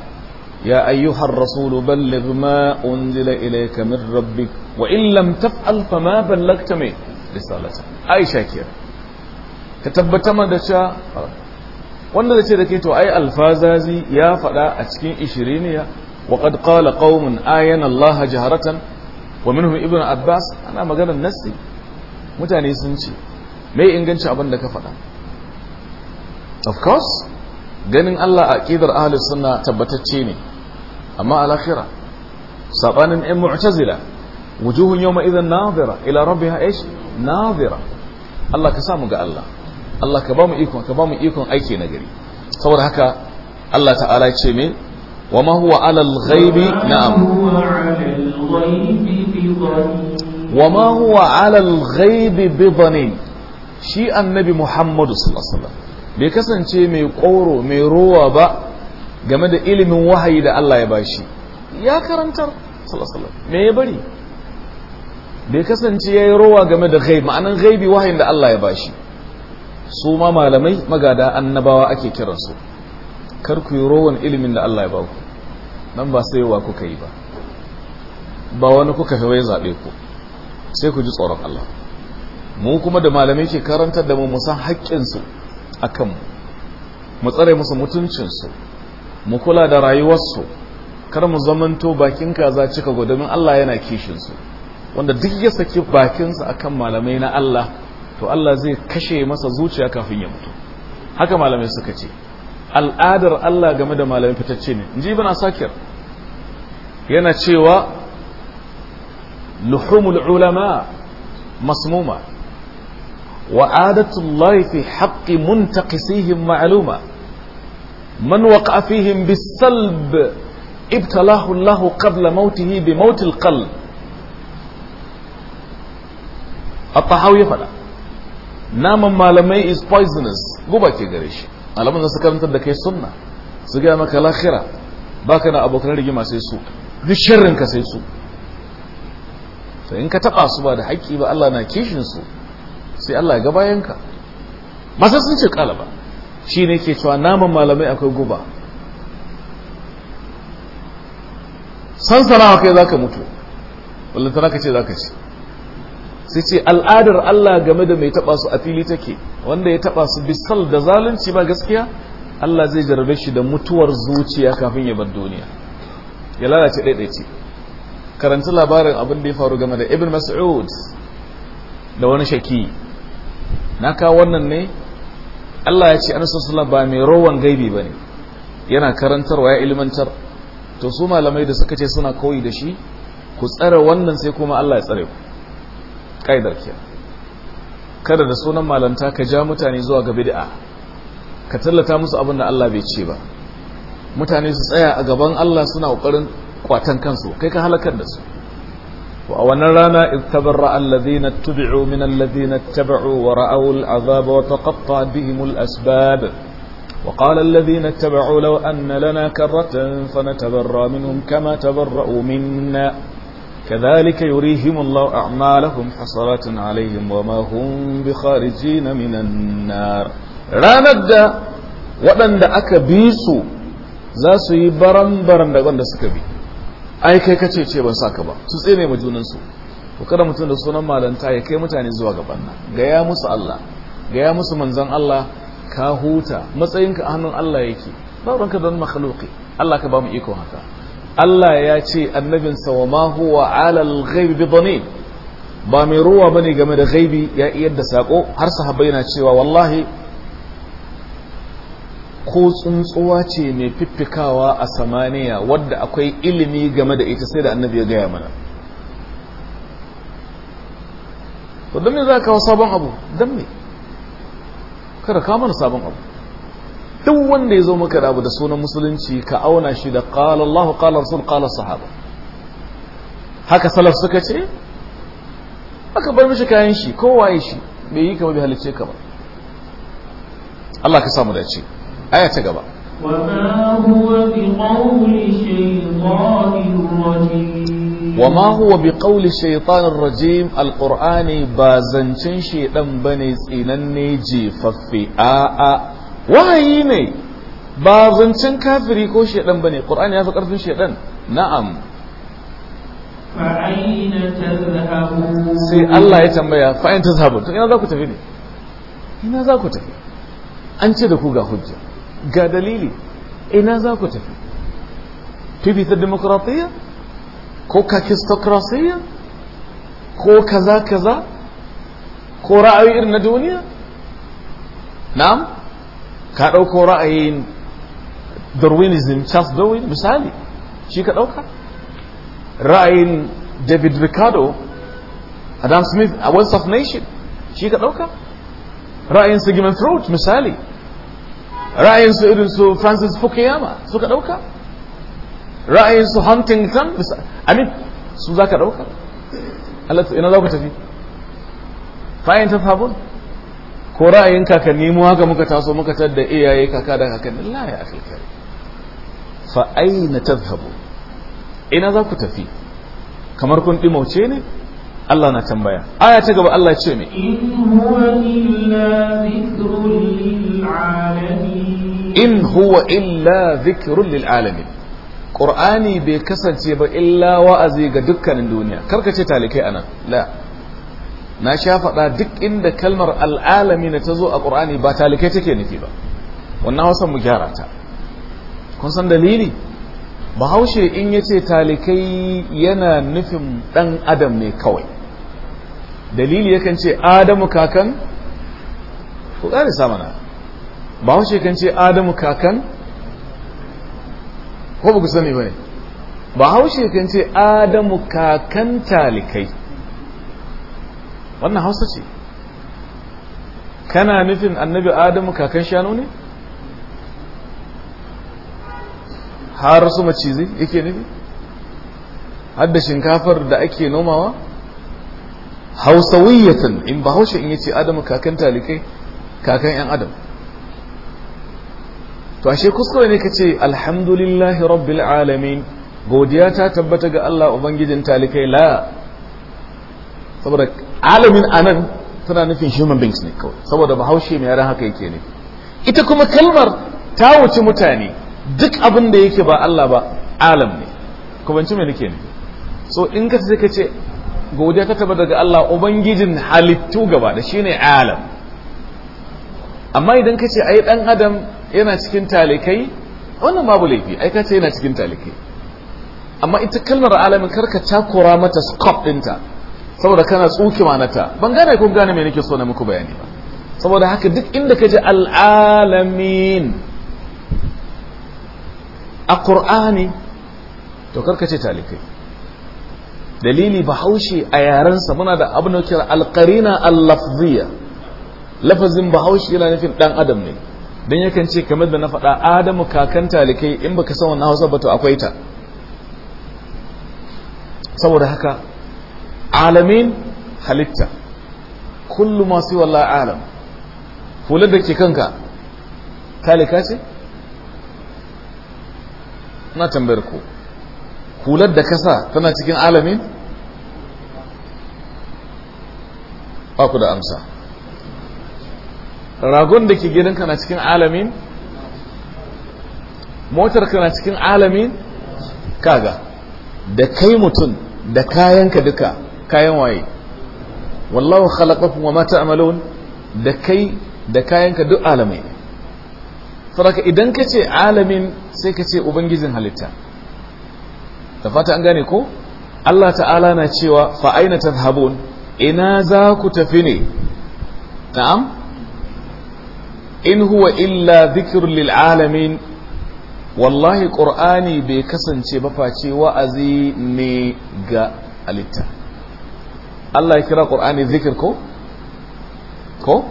ya ayyuhar rasulu balligh ma unzila ilayka min rabbik wa in lam taf'al fa ma ballagta mai risalata aisha kiyar ka tabbata ma da cewa wanda da ce da ke to ai alfazazi ya faɗa a cikin ishiriniya wa qad qala qaumun ayana allaha jaharatan wa minhum ibn abbas ana maganar nassi mutane sunci ce mai inganci abin da ka faɗa of course ganin Allah a ƙidar ahalus suna tabbatacce ne amma alakhira sabanin ɗan mu'tazila wujuhun yawma idan nazira ila rabbiha aish nazira Allah ka samu ga Allah Allah ka ba mu ikon ka ba mu ikon aiki na gari saboda haka Allah ta'ala ce me wa ma alal ghaibi na'am وما هو على الغيب بضنين شيء النبي محمد صلى الله عليه وسلم bai kasance mai koro mai rowa ba game da ilimin wahayi da Allah ya bashi ya karantar me ya bari bai kasance ya yi rowa game da ghaib ma'anan ghaibi wahayin da Allah ya bashi su ma malamai magada annabawa ake kiransu kar ku yi rowan ilimin da Allah ya ba ku nan ba sai wa kuka yi ba ba wani kuka fi wai zaɓe ku sai ku ji tsoron Allah mu kuma da malamai ke karantar da mu musan haƙƙinsu a kanmu mu tsare musu mutuncinsu mu kula da rayuwarsu kar mu zamanto bakin kaza cika gudumin Allah yana kishinsu wanda duk ya saki bakinsa kan malamai na Allah to Allah zai kashe masa zuciya kafin ya mutu haka malamai suka ce al'adar Allah game da malamai fitacce ne ji ibn Asakir yana cewa لحوم العلماء مصمومة وعادة الله في حق منتقسيهم معلومة من وقع فيهم بالسلب ابتلاه الله قبل موته بموت القلب الطحاوية فلا نام ما لمي is poisonous قبا كي قريش على من سكرن تبدك السنة سجى مك الأخرة باكنا أبو كنري جماسي سوق ذي شرنك سيسوق to in ka taba su ba da haƙƙi ba Allah na kishin su sai Allah ga bayanka masu sun ce kala ba shi ne ke cewa naman malamai akwai guba sansana kai za ka mutu tana ka ce za ka ci sai ce al'adar Allah game da mai taba su a fili take wanda ya taba su bisal da zalunci ba gaskiya Allah zai jarabe shi da mutuwar zuciya kafin ya bar duniya ya lalace ɗaiɗaice karanta labarin abin da ya faru game da ibn mas'ud da wani shaki na kawo wannan ne Allah ya ce an sosala ba mai rowan gaibi ba ne yana karantarwa ya ilmantar to su malamai da suka ce suna koyi da shi ku tsare wannan sai kuma Allah ya tsare ku ƙa'idar ke kada da sunan malanta ka ja mutane zuwa ga bid'a ka tallata musu abin da Allah bai ce ba mutane su tsaya a gaban Allah suna ƙoƙarin kwatan kansu kai ka halakar da su wa wannan rana ittabarra alladhina tubu min alladhina tabu wa ra'aw al'azab wa taqatta bihim al'asbab wa وقال الذين اتبعوا لو أن لنا كرة فنتبرأ منهم كما تبرأوا منا كذلك يريهم الله أعمالهم حصرات عليهم وما هم بخارجين من النار ranar da waɗanda aka bi su za su yi baran da wanda suka bi ai kai kace ce ban saka ba su tsene ma junan su to kada mutum da sunan malanta ya kai mutane zuwa gaban nan ga ya musu Allah ga ya musu manzon Allah ka huta matsayinka a hannun Allah yake ba ranka don makhluqi Allah ka ba mu iko haka Allah ya ce sa wa ma huwa al-ghayb bi dhanin ba mai ruwa bane game da ghaibi ya iyar da sako har sahabbai na cewa wallahi ko tsuntsuwa ce mai fiffikawa a samaniya wadda akwai ilimi game da ita sai da annabi ya gaya mana to don me za ka kawo sabon abu don me kada ka mana sabon abu duk wanda ya zo maka da abu da sunan musulunci ka auna shi da qala Allah qala rasul qala sahaba haka salaf suka ce aka bar mishi kayan shi ko waye shi bai yi kamar bai halice ka ba Allah ka samu dace aya ta gaba wa ma huwa bi qawli shaytanir rajim wa ma huwa bi qawli shaytanir rajim bane tsinanne jefaffe a a ne ba kafiri ko shaydan bane qur'ani yafi karfin shaydan na'am sai Allah ya tambaya fa'in ta zaɓa ina za ku tafi ne ina za ku tafi an ce da ku ga hujja ga dalili ina za ku tafi fifita demokratiya ko kakistokrasiya ko kaza kaza ko ra'ayi irin na duniya na'am ka ɗauko ra'ayin darwinism charles darwin misali shi ka ɗauka ra'ayin david ricardo adam smith a west of nation shi ka ɗauka ra'ayin sigmund freud misali ra'ayinsu irin su francis fukuyama suka ɗauka ra'ayinsu huntington amin su za ka ɗauka halatta ina za ku tafi fa'in ta fabon ko ra'ayin kakanni mu haka muka taso muka tadda iyaye kaka da kakanni laye a filkari fa'ai na aina ina za ku tafi kamar kun ɗi mauce ne Allah na tambaya aya ta gaba Allah ce me in huwa illa zikrun lil alamin bai kasance ba illa wa'azi ga dukkanin duniya karka ce talikai anan la na sha faɗa duk inda kalmar al'alami na ta zo a ƙur'ani ba talikai take nufi ba wannan wasan mu gyara ta kun san dalili bahaushe in ya ce talikai yana nufin ɗan adam ne kawai dalili yakan ce adamu kakan ku ƙari samana. ba wace kan ce adamu kakan ko ba ku sani ba ne ba haushe kan ce adamu kakan talikai wannan hausa ce kana nufin annabi adamu kakan shanu ne har su macizi yake nufi har da shinkafar da ake nomawa hausawiyatan in bahaushe in yace adamu kakan talikai kakan yan adam to ashe kuskure ne kace alhamdulillahi rabbil alamin godiya ta tabbata ga Allah ubangijin talikai la saboda alamin anan tana nufin human beings ne kawai saboda bahaushe mai yaran haka yake ne ita kuma kalmar ta wuce mutane duk abin da yake ba Allah ba alam ne kuma ci mai nake ne so in ka sai ka ce godiya ta taba daga Allah ubangijin halittu gaba da shine alam amma idan kace ai dan adam yana cikin talikai wannan babu laifi ai kace yana cikin talikai amma ita kalmar alamin karka takura mata scope dinta saboda kana tsuke manata ban gane ko gane me nake so na muku bayani ba saboda haka duk inda ka ji al'alamin a qur'ani to karka ce talikai dalili bahaushe a yarensa muna da abin da kira alƙarina allafziya lafazin bahaushe yana nufin ɗan adam ne don yakan ce kamar da na faɗa adamu kakan talikai in baka san wannan hausa ba to akwai ta saboda haka alamin halitta kullu su wallahi alam hular da ke kanka talika ce na tambayar ku hular da kasa tana cikin alamin ba ku da amsa ragon da ke gidanka na cikin alamin motar na cikin alamin kaga da kai mutum da kayanka duka kayan waye wallahu khalaqakum wama ta'malun da kai da kayanka duk alamai saboda idan ka ce alamin sai ka ce ubangijin halitta da fata an gane ko Allah ta'ala na cewa fa aina tadhhabun ina za ku tafi ne na'am in huwa illa dhikrun lil alamin wallahi qur'ani bai kasance ba face wa'azi ne ga alitta Allah ya kira qur'ani zikir ko ko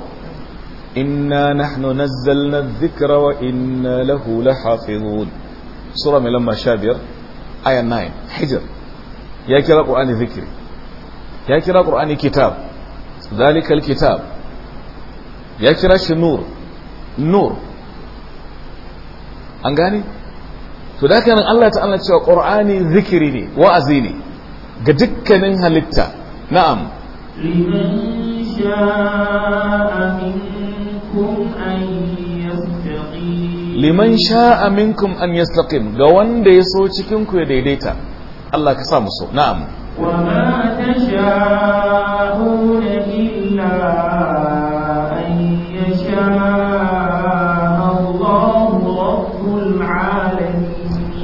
inna nahnu nazzalna dhikra wa inna lahu lahafizun sura mai lamba biyar. aya 9 hijr ya kira qur'ani zikiri ya kira qur'ani kitab zalikal kitab ya kira shi nur nur an gane to da kanan Allah ta'ala cewa qur'ani zikiri ne wa'azi ne ga dukkanin halitta na'am liman sha'a minkum an liman sha'a minkum an yastaqim ga wanda ya so cikin ku ya daidaita Allah ka sa mu so na'am wa ma tasha'una illa an yasha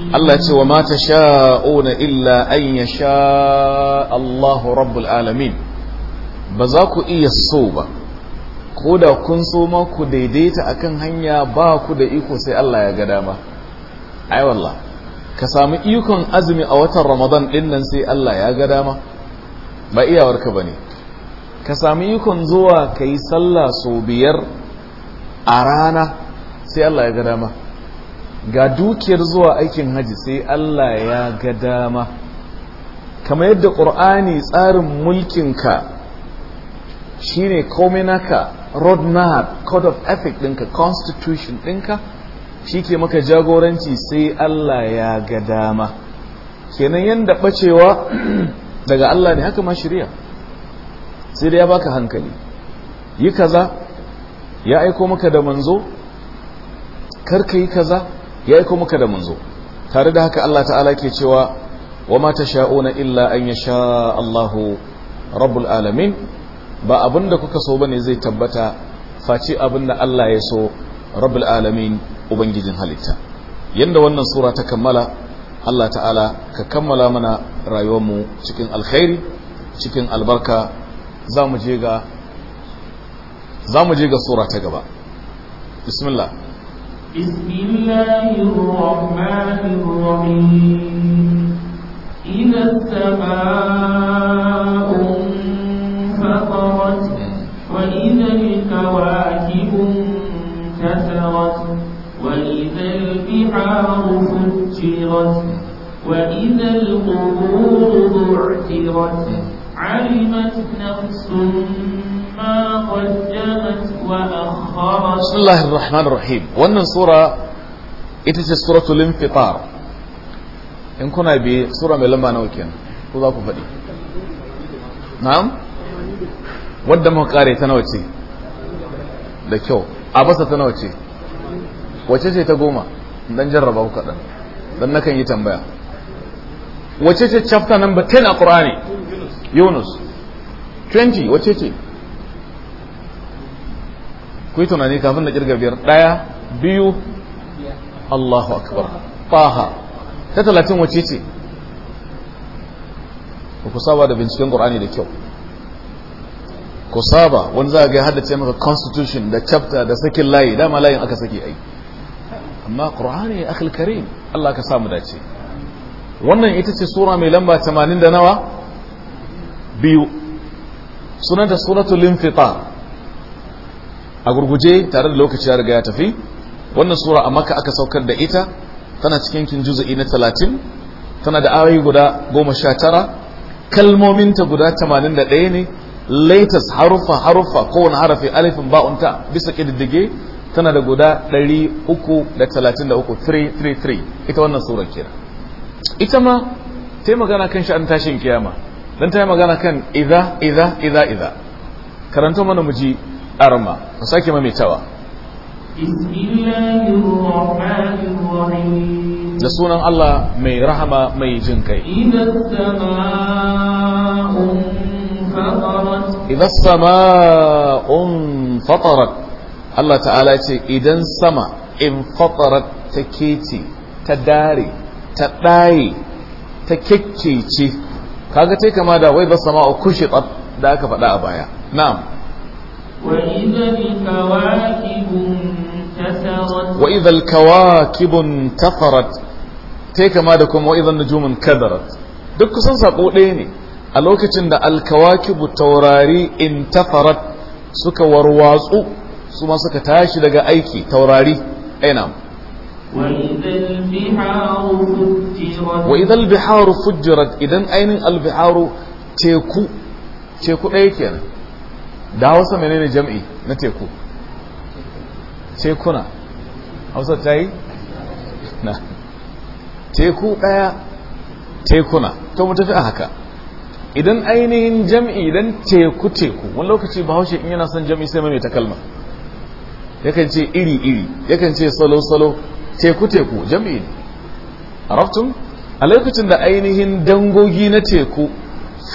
Allah ce wa ma sha'una illa an yasha Allahu rabbul alamin ba za ku iya so ba ko da kun so ma ku daidaita kan hanya ba ku da iko sai Allah ya ga dama ai wallah ka samu ikon azumi a watan Ramadan din nan sai Allah ya ga dama ba iyawarka bane ka samu ikon zuwa ka yi sallah so biyar a rana sai Allah ya ga dama ga dukiyar zuwa aikin haji sai Allah ya ga dama kamar yadda ƙur'ani tsarin mulkinka shine komai naka road map code of ethic ɗinka constitution ɗinka shi ke maka jagoranci sai Allah ya ga dama kenan yadda ɓacewa daga Allah ne haka ma shirya sai dai ya baka hankali yi kaza ya aiko maka da manzo karka yi kaza ya aiko maka da manzo tare da haka Allah ta'ala ke cewa wa ma tasha'una illa an yasha Allahu rabbul alamin ba abin da kuka so ba ne zai tabbata face abin da Allah ya so rabbul alamin ubangijin halitta yanda wannan sura ta kammala Allah ta'ala ka kammala mana rayuwarmu cikin alkhairi cikin albarka za mu je ga sura ta gaba bismillah bismillahir rahmanir rahim البحار فجرت وإذا القبور بعثرت علمت نفس ما قدمت وأخرت بسم الله الرحمن الرحيم وأن سورة إتت سورة الانفطار إن كنا بسورة من لما نوكين وذاكو كفدي نعم wadda قاري تنوتي لكيو nawa تنوتي da تقوما dan jarraba ku kaɗan dan nakan yi tambaya wace ce chapter number 10 a Qur'ani Yunus 20 wace ce ku yi tunani kafin na kirga biyar ɗaya biyu Allahu akbar Taha ta talatin wace ce ku saba da binciken Qur'ani da kyau ku saba wani za a ga haddace maka constitution da chapter da sakin layi dama layin aka sake ai amma ƙur'ani ya akhil karim Allah ka samu dace wannan ita ce sura mai lamba 80 da nawa biyu sunanta suratul infitar a gurguje tare da lokaci ya riga ya tafi wannan sura a maka aka saukar da ita tana cikin kin juzu'i na 30 tana da ayoyi guda 19 kalmominta guda 81 ne latest harufa harufa kowane harafi alifin ba'unta bisa kididdige tana da guda 333 ita wannan surar kira ita ma ta magana kan sha'an tashin kiyama don ta magana kan idha idha idha idha karanto mana muji arma mu sake mamitawa da sunan Allah mai rahama mai jin kai idan sama'un fatarat Allah ta'ala ce idan sama in fatarat ta kece ta dare ta ɗaye ta kekkece kaga ta kama da wai ba sama a kushe da aka faɗa a baya na'am wa idan kawakibun tafarat ta kama da kuma wa idhal nujumun kadarat duk kusan sako ɗaya ne a lokacin da alkawakibu taurari in tafarat suka warwatsu su ma suka tashi daga aiki taurari aina wa idan biharu fujirat idan ainihin albiharu teku teku ɗaya kenan da hausa menene jam'i na teku tekuna hausa ta yi na teku ɗaya tekuna to mu tafi a haka idan ainihin jam'i idan teku teku wani lokaci ba haushe in yana son jam'i sai mai ta kalma yakan ce iri-iri yakan ce salo-salo teku-teku jami'in raftun a lokacin da ainihin dangogi na teku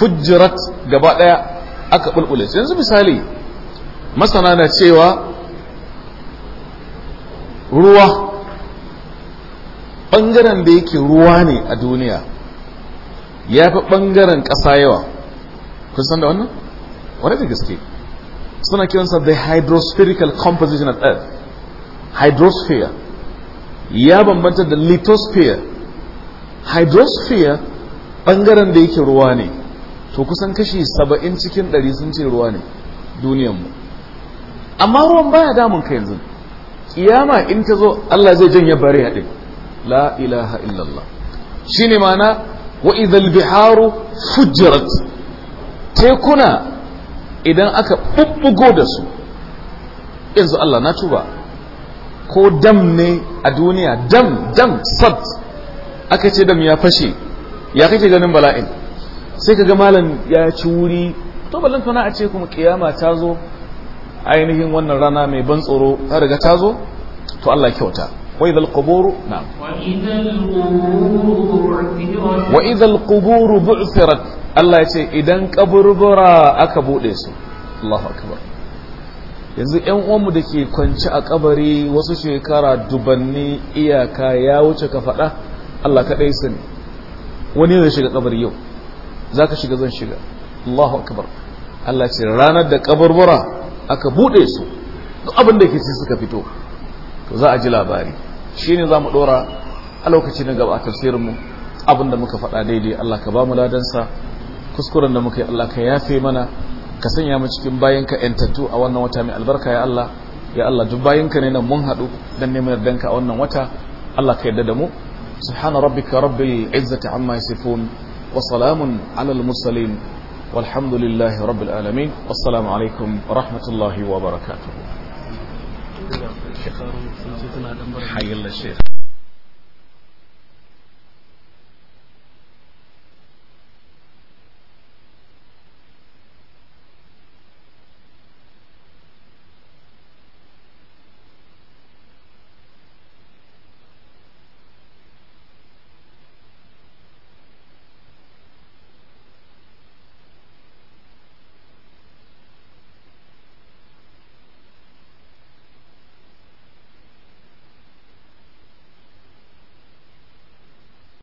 fujjirat gaba daya aka bulbule yanzu misali masana na cewa ruwa bangaren da yake ruwa ne a duniya ya fi ɓangaren ƙasa yawa kun san da wannan? wane gaske suna kiransa the hydrospherical composition of earth hydrosphere ya bambanta da lithosphere hydrosphere ɓangaren da yake ruwa ne to kusan kashi saba'in cikin ɗari sun ce ruwa ne duniyanmu amma ruwan baya damun ka yanzu kiyama in ta zo Allah zai janye bari haɗe la ilaha illallah shine mana wa biharu fujjarat tekuna idan aka bubbugo da su yanzu Allah na tuba ko dam ne a duniya dam dam sad aka ce dam ya fashe ya kake ganin bala'in sai ka ga malam ya ci wuri to ballan tana a ce kuma kiyama ta zo ainihin wannan rana mai ban tsoro ta riga ta zo to Allah kyauta wa idhal qubur na'am wa idhal bu'thirat Allah ya ce idan kaburbura aka bude su Allahu akbar yanzu yan uwanmu da ke kwanci a kabari wasu shekara dubanni iyaka ya wuce ka faɗa Allah kaɗai sani wani zai shiga kabari yau za ka shiga zan shiga Allahu akbar Allah ce ranar da kaburbura aka buɗe su duk abin da ke ci suka fito to za a ji labari shine za mu ɗora a lokaci na gaba a tafsirinmu abin da muka faɗa daidai Allah ka ba mu ladansa kuskuren da muka yi Allah ka yafe mana ka sanya mu cikin bayanka yantattu a wannan wata mai albarka ya Allah ya Allah duk bayanka ne nan mun haɗu dan neman danka a wannan wata Allah ka yarda da mu subhana rabbika rabbil izzati amma yasifun wa salamun alal mursalin walhamdulillahi rabbil alamin assalamu alaikum wa rahmatullahi wa barakatuh